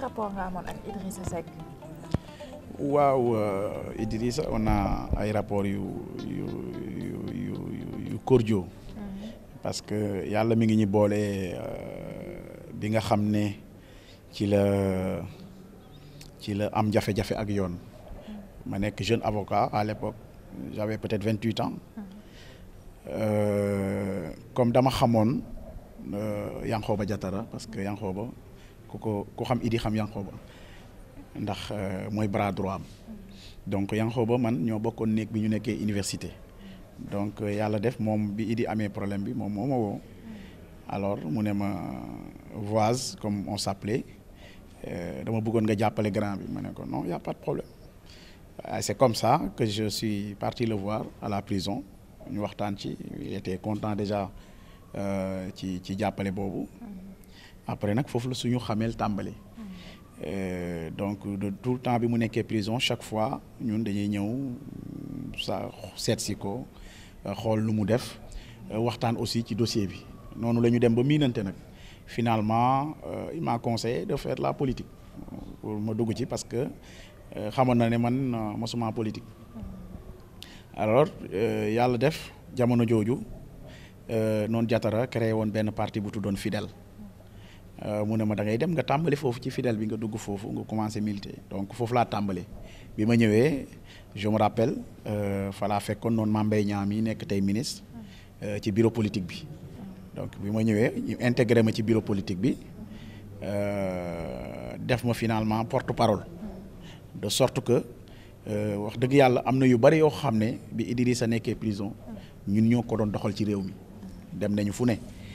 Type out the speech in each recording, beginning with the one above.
rapport nga amoon Idrissa Seck. waaw euh, Idrissa on a un rapport you, you, you, you, yu cordiaux mhm. parce que Yalla mi ngi ñu boole euh, bi nga xamné ci la ci la am jafé jafé ak yoon. Mhm. ma jeune avocat à l'époque j'avais peut-être 28 ans. Mhm. Euh, comme dama xamoon euh, ba Diattara parce que ba ku ko xam Idi xam yankoba ndax euh, moy bras droit donc yankoba man ño bokone nek bi ñu nekkee université donc euh, yalla def mom bi Idi amé problème bi mom momo ma woo alors mu ne ma voise comme on s'appelait euh dama bëggone nga jappalé grand bi mané ko non y a pas de problème euh, c'est comme ça que je suis parti le voir à la prison ñu waxtan ci il était content déjà euh ci ci jàppale boobu après nag foofu la suñu xameel tàmbali. Euh, donc de tout le temps bi mu nekkee prison chaque fois ñun dañuy ñëw ça, euh, seet si ko euh, xool lu mu def aussi ci dossier bi noonu lañu dem ba miinante nak finalement il m'a conseillé de faire la politique pour ma dugg ci parce que xamoon na ne man mosuma politique. alors yalla def jamono euh, non jatara créé won ben parti bu tuddoon Fidèle. Euh, mu ne ma da ngay dem nga tambalé fofu ci fidèle bi nga dugg fofu nga commencé militer donc fofu la tambalé bi ma ñëwee je me rappelle euh, fa laa fekkoon non Mame Mbaye Niang mi nekk tey euh, ci bureau politique bi donc bi ma ñëwee ñu intégré ma ci bureau politique bi euh def ma finalement porte-parole de sorte que euh wax deug yalla amna yu bari yo xamné bi Idrissa nekkee prison ñun ñoko doon doxal ci réew mi dem nañu fu ne.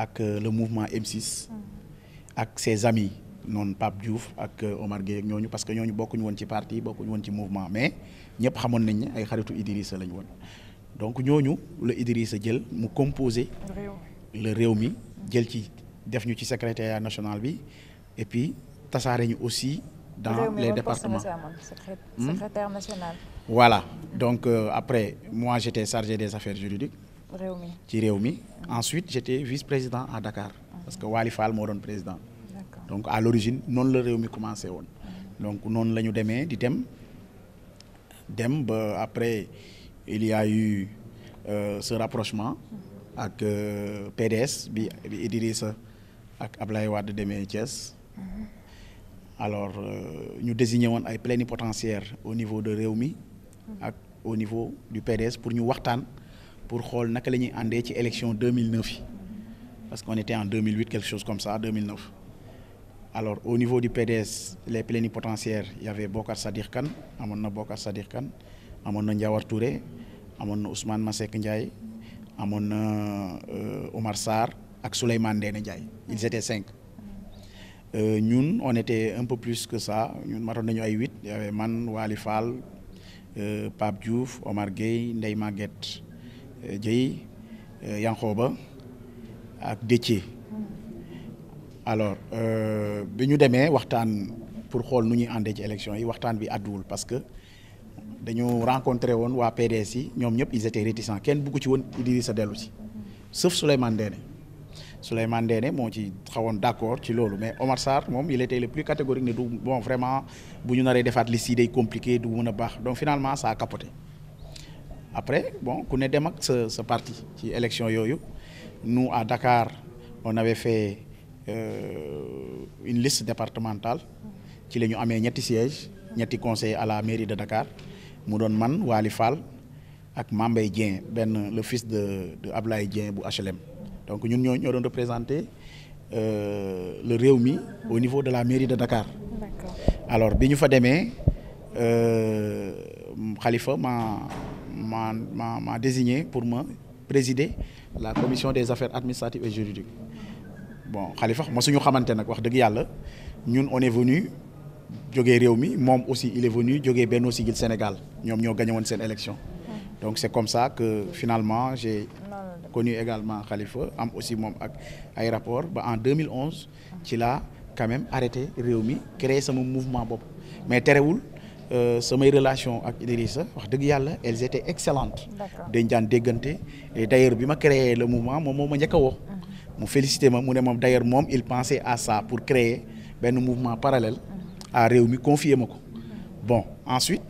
avec euh, le mouvement M6 mm. avec ses amis non Pape Diouf avec euh, Omar Gueye parce que nous bokkuñu beaucoup de parti beaucoup de ci mouvement mais nous xamoon que ne ay Donc, Idrissa lañ woon donc ñooñu le Idrissa composé le Réumi, qui est devenu secrétaire national et puis tasaare ñu aussi dans les départements hmm? secrétaire national voilà donc euh, après moi j'étais chargé des affaires juridiques Réumi. ensuite j'étais vice-président à Dakar parce que Walifal Fall moo président donc à l'origine non le Réumi commençait. commencé donc non le ñu di dem après il y a eu euh, ce rapprochement Avec euh, PDS bi bi Idrissa ak Ablaye Wade alors nous euh, désigné plénipotentiaire plénipotentiaires au niveau de Réumi au niveau du PDS pour nous voir pour voir comment la ñuy l'élection ci 2009 parce qu'on était en 2008 quelque chose comme ça 2009 alors au niveau du PDS les plénipotentiaires il y avait Bokar Sadir Khan, amon Bokar Sadir Khan, amon Touré amon Ousmane Masek Ndiaye Amonna euh, Omar Sarr ak Souleymane ils étaient cinq euh, Nous, on était un peu plus que ça Nous, matoon nañu ay Il y avait man Wali euh, Pape Diouf Omar Gueye Ndeye Maguette Dieye euh, Yankoba ak Déthié alors euh, bi ñu demee waxtaan pour xool nous ñuy àndee ci élection yi waxtaan bi parce que dañu rencontré woon waa PDS yi ñoom ils étaient réticents kenn beaucoup ci woon Idrissa dellu si sauf Souleymane Ndéné Souleymane Ndéné moo ci xawoon d'accord ci loolu mais Omar Sarr moom il était le plus catégorique ne du bon vraiment bu ñu naree defaat liste yi day compliqué du mën a donc finalement ça a capoté après, bon, on ne ce ce parti ci élection yoyo nous à Dakar on avait fait euh, une liste départementale qui ci a amené à ñetti siège un conseil à la mairie de Dakar mu ou man Wali Fall ak Mambay le fils de de HLM donc nous avons ñoo représenté euh, le réuni au niveau de la mairie de Dakar. D'accord. alors bi ñu fa euh, Khalifa ma m'a désigné pour me présider la commission des affaires administratives et juridiques. Bon, Khalifa, moi, si nous nous, on est venu, Djogé Réumi, aussi, il est venu, Djogé aussi Sénégal. Nous avons gagné cette élection. Donc c'est comme ça que finalement j'ai connu également Khalifa, am aussi mom ak rapport en 2011 il a quand même arrêté Réumi, créé ce mouvement Mais téréwul euh, Mes relations avec Idrissa wax elles étaient excellentes. dañ je me et d'ailleurs, créé le mouvement Je me ma njëkk mhm. mu félicité ma mu ne il pensait à ça pour créer un mouvement parallèle. Mhm. à réew mi confié bon ensuite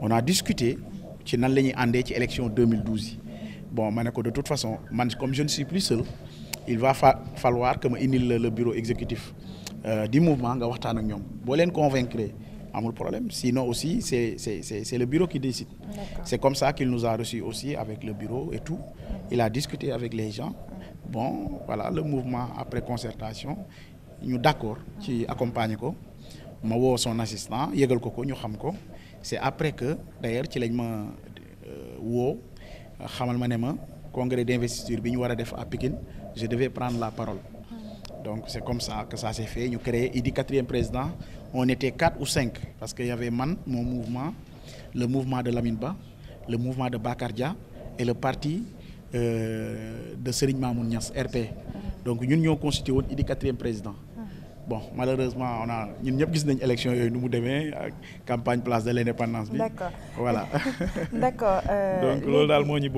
on a discuté ci nan élection 2012 bon de toute façon comme je ne suis plus seul il va falloir que ma le bureau exécutif euh, du mouvement nga waxtaan ak ñom bo convaincre problème sinon aussi c'est c'est le bureau qui décide c'est comme ça qu'il nous a reçus aussi avec le bureau et tout il a discuté avec les gens bon voilà le mouvement après concertation nous d'accord qui accompagner ko ma son assistant ko ko ñu c'est après que d'ailleurs euh, ma congrès d'investiture à Pékin. je devais prendre la parole donc c'est comme ça que ça s'est fait. Nous créé l'IDI 4e président. On était quatre ou cinq parce qu'il y avait mon mouvement, le mouvement de Laminba, le mouvement de Bakardia et le parti euh, de Serigne Mamoun RP. Donc nous avons constitué l'IDI 4e président. Bon, malheureusement, on a, nous avons vu l'élection, nous la campagne place de l'indépendance. D'accord. Voilà. D'accord. Euh, Donc, c'est ce nous avons dit,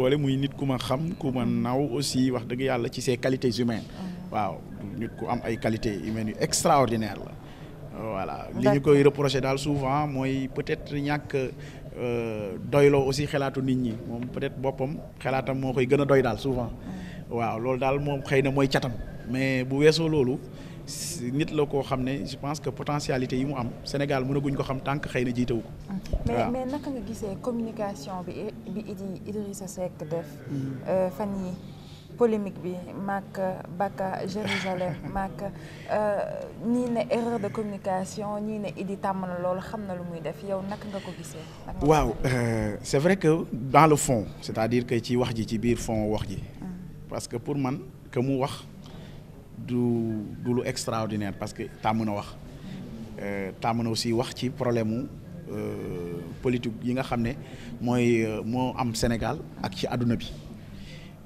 c'est que nous aussi, ses qualités humaines. Ah waaw nit ku am ay qualité humaine extraordinaire la voilà li ñu koy reproché daal souvent mooy peut-être ñàkk euh, doylo aussi xelatu nit ñi mom peut-être bopam xelatam moo koy gën doy dal souvent waaw lool dal mom xeyna moy mooy mais bu weesoo loolu nit la ko xamné je pense que potentialité yi mu am Sénégal mëna guñ ko xam tank xeyna jité wu ko. mais mais naka nga gisé communication bi bi Idrissa Seck def hmm. euh fan yi polémique bi mak Baka Jérusalem maak Ni une erreur de communication ni ne Idi tàmm na loolu xam lu muy def yow nak nga ko Wow, waaw euh, c'est vrai que dans le fond c'est-à-dire que ci wax ji ci bir fond wax ji. Mm. parce que pour man que mu wax du du lu extraordinaire parce que tàmm na wax. Euh, tàmm na aussi wax ci problème mu euh, politique yi nga xamné moy mo am Sénégal ak ci aduna bi.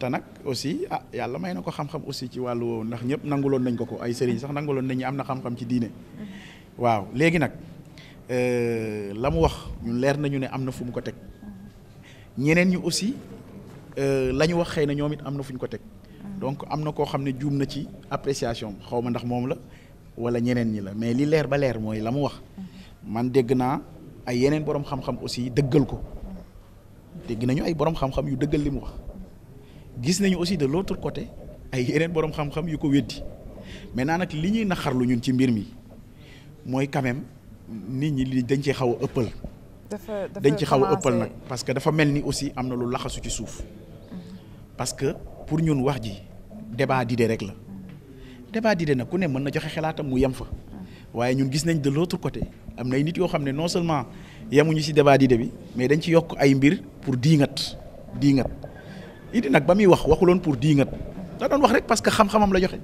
te nak aussi ah yalla may na ko xam-xam aussi ci walu ndax ñep nangulon nañ ko ko ay serigne sax nangulon nañ ñi am xam-xam ci diine waaw legi nak euh mu wax ñun leer nañu ne am fu mu ko tek ñeneen euh, ñu aussi la lañu wax xeyna na amna am fu ñu ko tek donc am ko xamne joom na ci appréciation xawma ndax mom la wala ñeneen ñi la mais li leer ba leer moy la mu wax man dégg na ay yeneen borom xam-xam aussi deggal ko deg nañu ay borom xam-xam yu dëggal li wax gis nañu aussi de l' autre côté ay yeneen boroom xam-xam yu ko weddi maintenant nag li ñuy naxarlu ñun ci mbir mi mooy quand nit ñi li dañ ci xaw a ëppal. dañ ci xaw a ëppal nag parce que dafa mel ni aussi am na lu laxasu ci suuf. Mm-hmm. parce que pour ñun wax ji débat d'idée rek la. débat d'idée nag ku ne mën na joxe xalaatam mu yem fa. Mm-hmm. waaye ñun gis nañ de l' autre côté am nay nit yoo xam ne non seulement yemuñu si débat d'idée bi mais dañ ci yokk ay mbir pour diingat diingat. idi nak ba muy wax waxuloon pour diingat da don wax rek parce que xam-xamam la joxe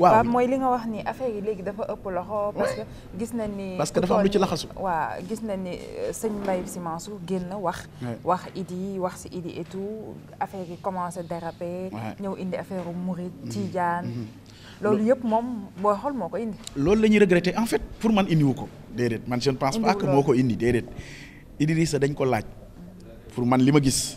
waaw moy li nga wax ni affaire yi legui dafa upp loxo parce que gis na ni parce que dafa am lu ci laxasu wa gis na ni eh, seigne Mbaye simansou genn wax wax idi wax ci idi et tout affaire yi commencé déraper ñëw indi affaire mourid mhm. tidiane mhm. lolou yep mom bo xol moko indi lolou lañuy regretter en fait pour man indi wuko dedet man je ne pense pas que moko indi dedet Idrissa dañ ko laaj pour man lima gis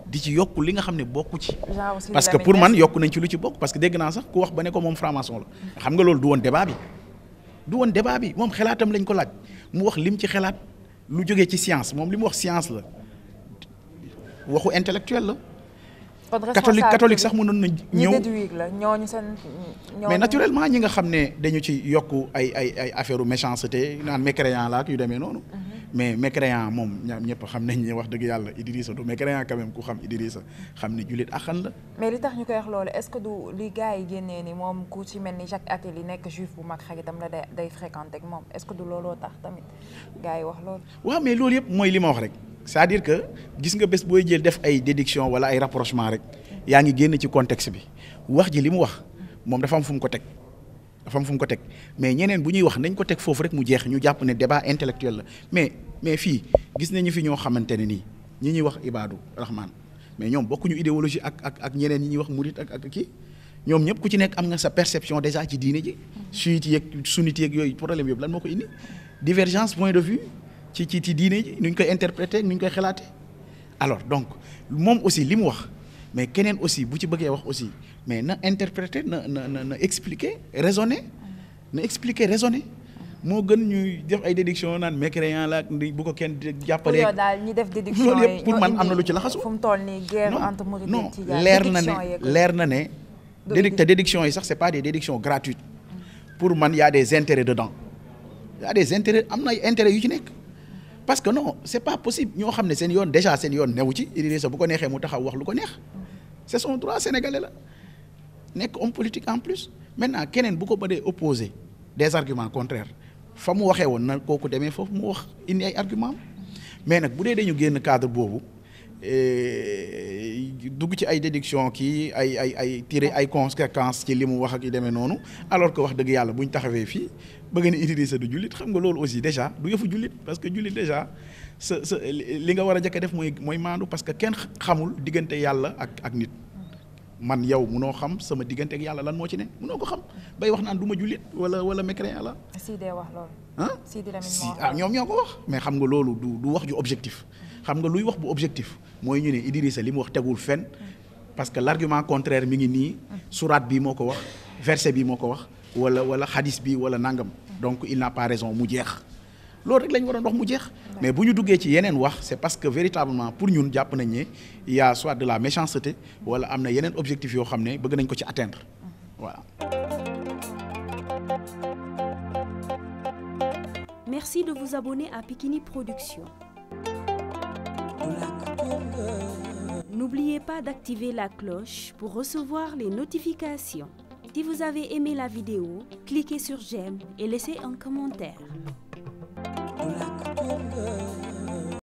di ci yokk li nga xam ne bokku ci parce que pour man yokk nañ ci lu ci bokk parce que dégg naa sax ku wax ba ne ko moom franc-maçon la xam nga loolu du woon débat bi du woon débat bi moom xalaatam lañ ko laaj mu wax lim ci xalaat lu jógee ci science moom li wax science la waxu intellectuel la catholique catholique sax mënoon na ñëw ñooñu mais naturellement ñi nga xam ne dañu ci yokk ay ay ay affaire méchanceté naan mécréant la ak yu demee noonu mhm. mais mécréant moom ñaam ñëpp xam nañ ne wax dëgg yàlla Idrissa du mécréant quand même ku xam Idrissa xam ni jullit axan la. mais li tax ñu koy wax loolu est-ce que du li gars yi génnee ni moom ku ci mel ni Jacques Attali nekk juif bu mag xaritam la day day fréquenté ak moom est-ce que du looloo tax tamit gars yi wax loolu. waaw mais loolu yëpp mooy li ma wax rek sa à dire que gis nga bés booy jël def ay déduction wala ay rapprochement rek yaa ngi génn ci contex bi wax ji li mu wax moom dafa fu mu ko teg. dafa am fu mu ko teg mais ñeneen bu ñuy wax nañ ko teg foofu rek mu jeex ñu jàpp ne débat intellectuel la mais mais fii gis nañu fi ñoo xamante ne nii ñi ñuy wax ibaadu rahman mais ñoom bokkuñu idéologie ak ak ak ñeneen ñi ñuy wax murit ak ak kii ñoom ñëpp ku ci nekk am nga sa perception déjà ci diine ji suite yeeg sunnite yeeg yooyu problème yëpp lan moo ko indi divergence point de vue ci ci ci diine ji nuñ koy interpréter nuñ koy xalaate alors donc moom aussi li mu wax mais keneen aussi bu ci bëggee wax aussi mais na interpréter na na na na expliquer raisonner na expliquer raisonner moo gën ñuy def ay déduction naan mécréant la bu ko kenn jàppalee. pour daal ñi def déduction loolu yëpp pour man am na lu ci laxasu. fu mu toll nii guerre entre non leer na ne leer na ne. te déduction yi sax c'est pas des déductions gratuites. pour man y a des intérêts dedans. y a des intérêts am na intérêts yu ci nekk. parce que non c'est pas possible ñoo xam ne seen yoon déjà seen yoon newu ci sa bu ko neexee mu taxaw wax lu ko neex c'est son droit sénégalais là n'est homme politique en plus maintenant Kenen, bu ko bëggee opposer des arguments contraires fa waxé won na koku démé fof mu wax indi ay argument mais nak bu dee dañu génn cadre euh dugg ci ay déduction kii ay ay ay tiré ay conséquences ci limu wax ak yu demee alors que wax deug yalla buñ taxawé fi fii bëgg na utiliser du julit xam nga loolu aussi déjà du yofu julit parce que julit déjà sa sa li nga war a jëkk a def mooy mooy maandu parce que kenn xamul diggante yàlla ak ak nit man yow noo xam sama diggante yàlla lan moo ci ne munoo ko xam bay wax naan du ma jullit wala wala mécréant la. si dee wax loolu. ah si ah ñoom ñoo mais xam nga loolu du du wax ju objectif. xam nga luy wax bu objectif mooy ñu ne Idrissa li mu wax tegul fen parce que l' argument contraire mi ngi nii. suraat bi moo ko wax verset bi moo ko wax. wala wala xadis bi wala nangam. donc il n'a pas raison mu jeex. loolu rek mu jeex mais bu ñu ci c'est parce que véritablement pour nous, il y a soit de la méchanceté wala am na yeneen objectif yoo atteindre voilà Merci de vous abonner à Pikini Productions. N'oubliez pas d'activer la cloche pour recevoir les notifications. Si vous avez aimé la vidéo, cliquez sur j'aime et laissez un commentaire.